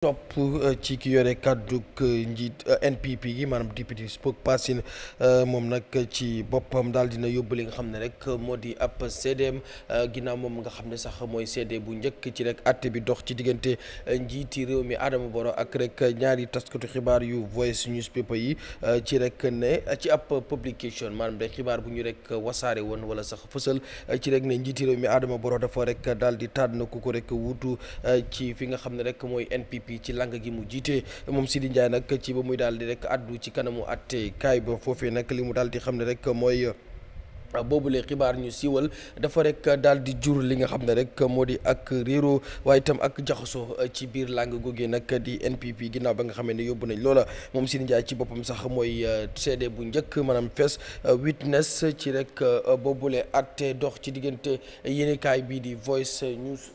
topp euh, ci ki yore kàddug njiit euh, NPP yi maanaam député Spock Passine euh, moom nag ci boppam daal dina yóbbu li nga xam ne rek moo di ab CDM ginnaaw moom nga xam ne sax mooy CD bu njëkk ci rek àtte bi dox ci diggante njiiti réew mi Adama Boro ak rek ñaari taskatu xibaar yu Voice newspaper yi ci rek ne ci ab publication maanaam de xibaar bu ñu rek wasaare woon wala sax fësal ci rek ne njiiti réew mi Adama Boro dafa rek daal di tànn ku ko rek wuutu ci fi nga xam ne rek mooy NPP. bi ci lang gi mu jiite moom Sidi Ndiaye nag ci ba muy daal di rek addu ci kanamu atte kaay ba foofee nag li mu daal di xam ne rek mooy boobulee xibaar ñu siiwal dafa rek daal di jur li nga xam ne rek moo di ak réero waaye itam ak jaxasoo euh, ci biir làng googee nag di NPP ginnaaw ba nga xamee ne yóbbu nañ loola moom Sidi Ndiaye ci boppam sax mooy euh, seede bu njëkk maanaam fees euh, witness ci rek boobulee atte dox ci diggante yéenekaay bii di Voice News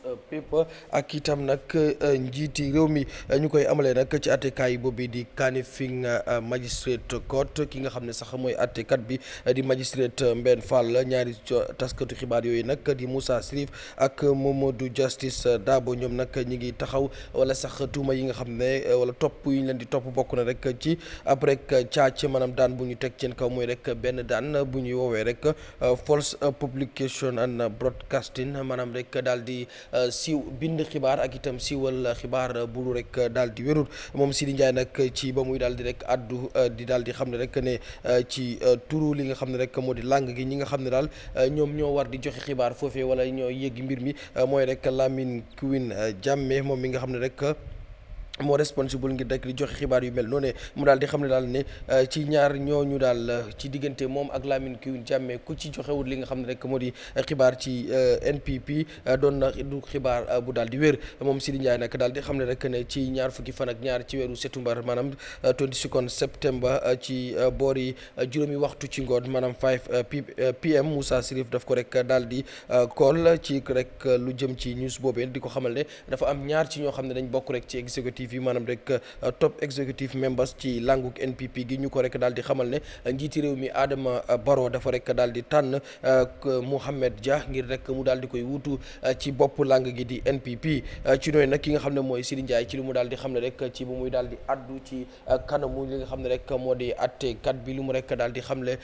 ak itam nag njiiti réew mi ñu koy amalee nag ci attekaay boobu di Kanifing Magistrate Court ki nga xam ne sax mooy attekat bi di Magistrate Mbène Fall ñaari taskatu xibaar yooyu nag di Moussa Sirif ak Mamadou Justice Dabo ñoom nag ñi ngi taxaw wala sax tuuma yi nga xam ne wala topp yu leen di topp bokk na rek ci après caac maanaam daan bu ñu teg seen kaw mooy rek benn daan bu ñuy woowee rek euh, false publication and broadcasting maanaam rek daal di euh, siiw bind xibaar ak itam siiwal xibaar bu rek daal di wérul moom Sidi Ndiaye nag ci ba muy daal di rek addu euh, di daal di xam ne rek ne ci turu li nga xam ne rek moo di langue gi ñi xam ne daal euh, ñoom ñoo war di joxe xibaar foofee wala ñoo yëgg mbir mi euh, mooy rek Lamine Queen euh, jàmme moom mi nga xam ne rek moo responsible ngir rek di joxe xibaar yu mel noonu mu daal di xam ne daal ne euh, ci ñaar ñooñu daal euh, ci diggante moom ak Lamine Gueye Jammeh ku ci joxewul li nga xam ne rek moo di euh, xibaar ci NPP doon na du xibaar bu daal di wér moom si Sidi Ndiaye nag daal di xam ne rek ne ci ñaar fukki fan ak ñaar ci weeru septembre maanaam 22 septembre ci boori juróomi waxtu ci ngoon maanaam 5 pm Moussa Sirif daf ko rek daal di kool ci rek lu jëm ci news boobee di ko xamal ne dafa am ñaar ci ñoo xam ne dañ bokk rek ci exécutif exécutif yi maanaam rek euh, top exécutif members ci languk NPP gi ñu ko rek daal xamal ne euh, njiiti réew mi Adama euh, Barrow dafa rek daal di tànn Mohamed Dia ngir rek mu daal di koy wuutu ci bopp lang gi di NPP ci nooy nag ki nga xam ne mooy Sidi Ndiaye ci li mu daal di xam ne rek ci bu muy daal di addu ci kanamu li nga xam ne rek moo di attekat bi lu mu rek daal di xamle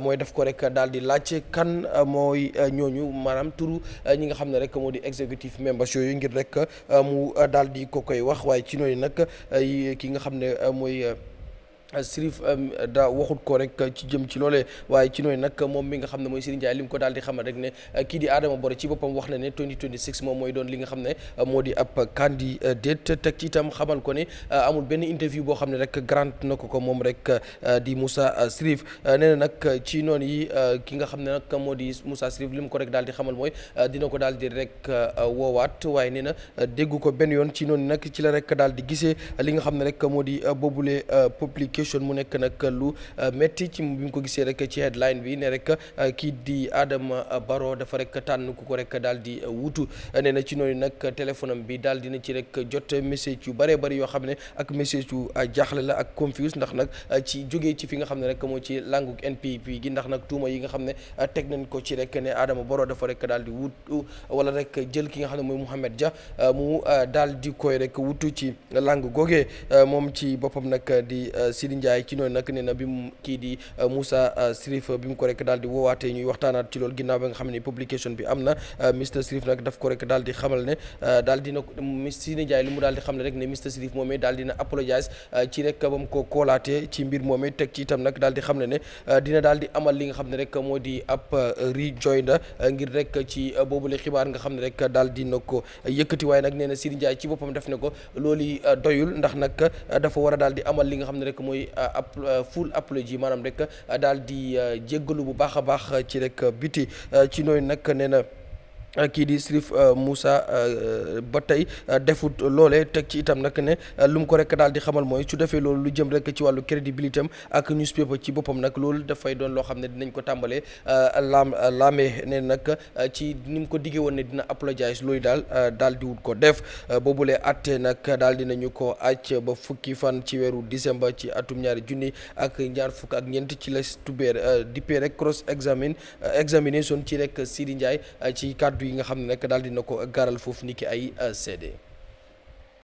mooy def ko rek daal di laajte kan mooy ñooñu maanaam turu ñi nga xam ne rek moo di exécutif members yooyu ngir rek mu daal ko koy wax waaye ci nooy yooyu nag ki nga xam ne mooy Sirif da waxut ko rek ci jëm ci loole waaye ci nooy nag moom mi nga xam ne mooy Serigne Ndiaye li mu ko daal di xamal rek ne eh, kii di Adama Boro ci boppam wax na ne 2026 moom mooy ne eh, moo di ab candidate teg ci itam xamal ko ne eh, amul benn interview boo xam ne rek grant na ko ko moom rek di Moussa Sirif nee nag ci noonu yi ki nga xam ne nag moo di Moussa Sirif li mu ko rek daal di xamal mooy dina ko daal di rek woowaat waaye nee na déggu ko benn yoon ci noonu nag ci la rek daal di gisee li nga xam ne rek moo di boobule public. communication mu nekk nag lu euh, métti ci bi mu ko gisee rek ci headline bi ne rek euh, kii di Adama euh, Barrow dafa rek tànn ku ko rek daal di wutu nee na ci rek jot message yu bëree bëri yoo xam ne ak message yu jaaxle la ak confuse ndax nag ci jógee ci fi nga xam ne rek moo ci langu NPP gi ndax nag tuuma yi nga xam ne teg nañ ko ci rek ne Adama Barrow dafa rek daal di wutu wala rek jël ki nga xam ne mooy Mouhamed ja mu dal di koy rek wutu ci langu googee moom ci boppam nag di si Sidi Ndiaye ci noonu nag nee na bi mu kii di euh, Moussa euh, Sirif bi mu ko rek daal di woowaatee ñuy waxtaanaat ci loolu ginnaaw ba nga xam ne publication bi am na euh, Mr Sirif nag daf ko rek daal di xamal ne dina Mr li mu daal di ne Mr Sirif moomee daal dina apologise ci rek ba mu ko koolaatee ci mbir amal li nga xam ne rek moo di ab rejoinder ngir rek ci boobule xibaar nga xam ne rek daal dina ko yëkkati waaye nag nee na Sidi ci boppam def ne ko loolu doyul ndax nag dafa war a di amal li nga xam ne rek mooy koy euh, ap euh, full apology maanaam rek euh, dal di jéggalu bu baax a baax ci rek biti ci nooy nag nee na Euh, kii di Sirif euh, Moussa euh, ba tey defut loole teg ci itam nag ne lu mu ko rek daal di xamal mooy su defee loolu lu jëm rek ci wàllu crédibilité am ak newspaper ci boppam nag loolu dafay doon loo xam ne dinañ ko tàmbalee laam laamee ne nag ci ni ko diggee woon ne dina apologise looyu daal daal di wut ko def boobulee atte nag daal dinañu ko acc ba fukki fan ci weeru décembre ci atum ñaari junni ak ñaar fukk ak ñeent ci la tubéer dippee rek cross examine examination ci rek Sidi Ndiaye ci kaddu yi nga xam ne nag daal dina ko garal foofu niki ay CD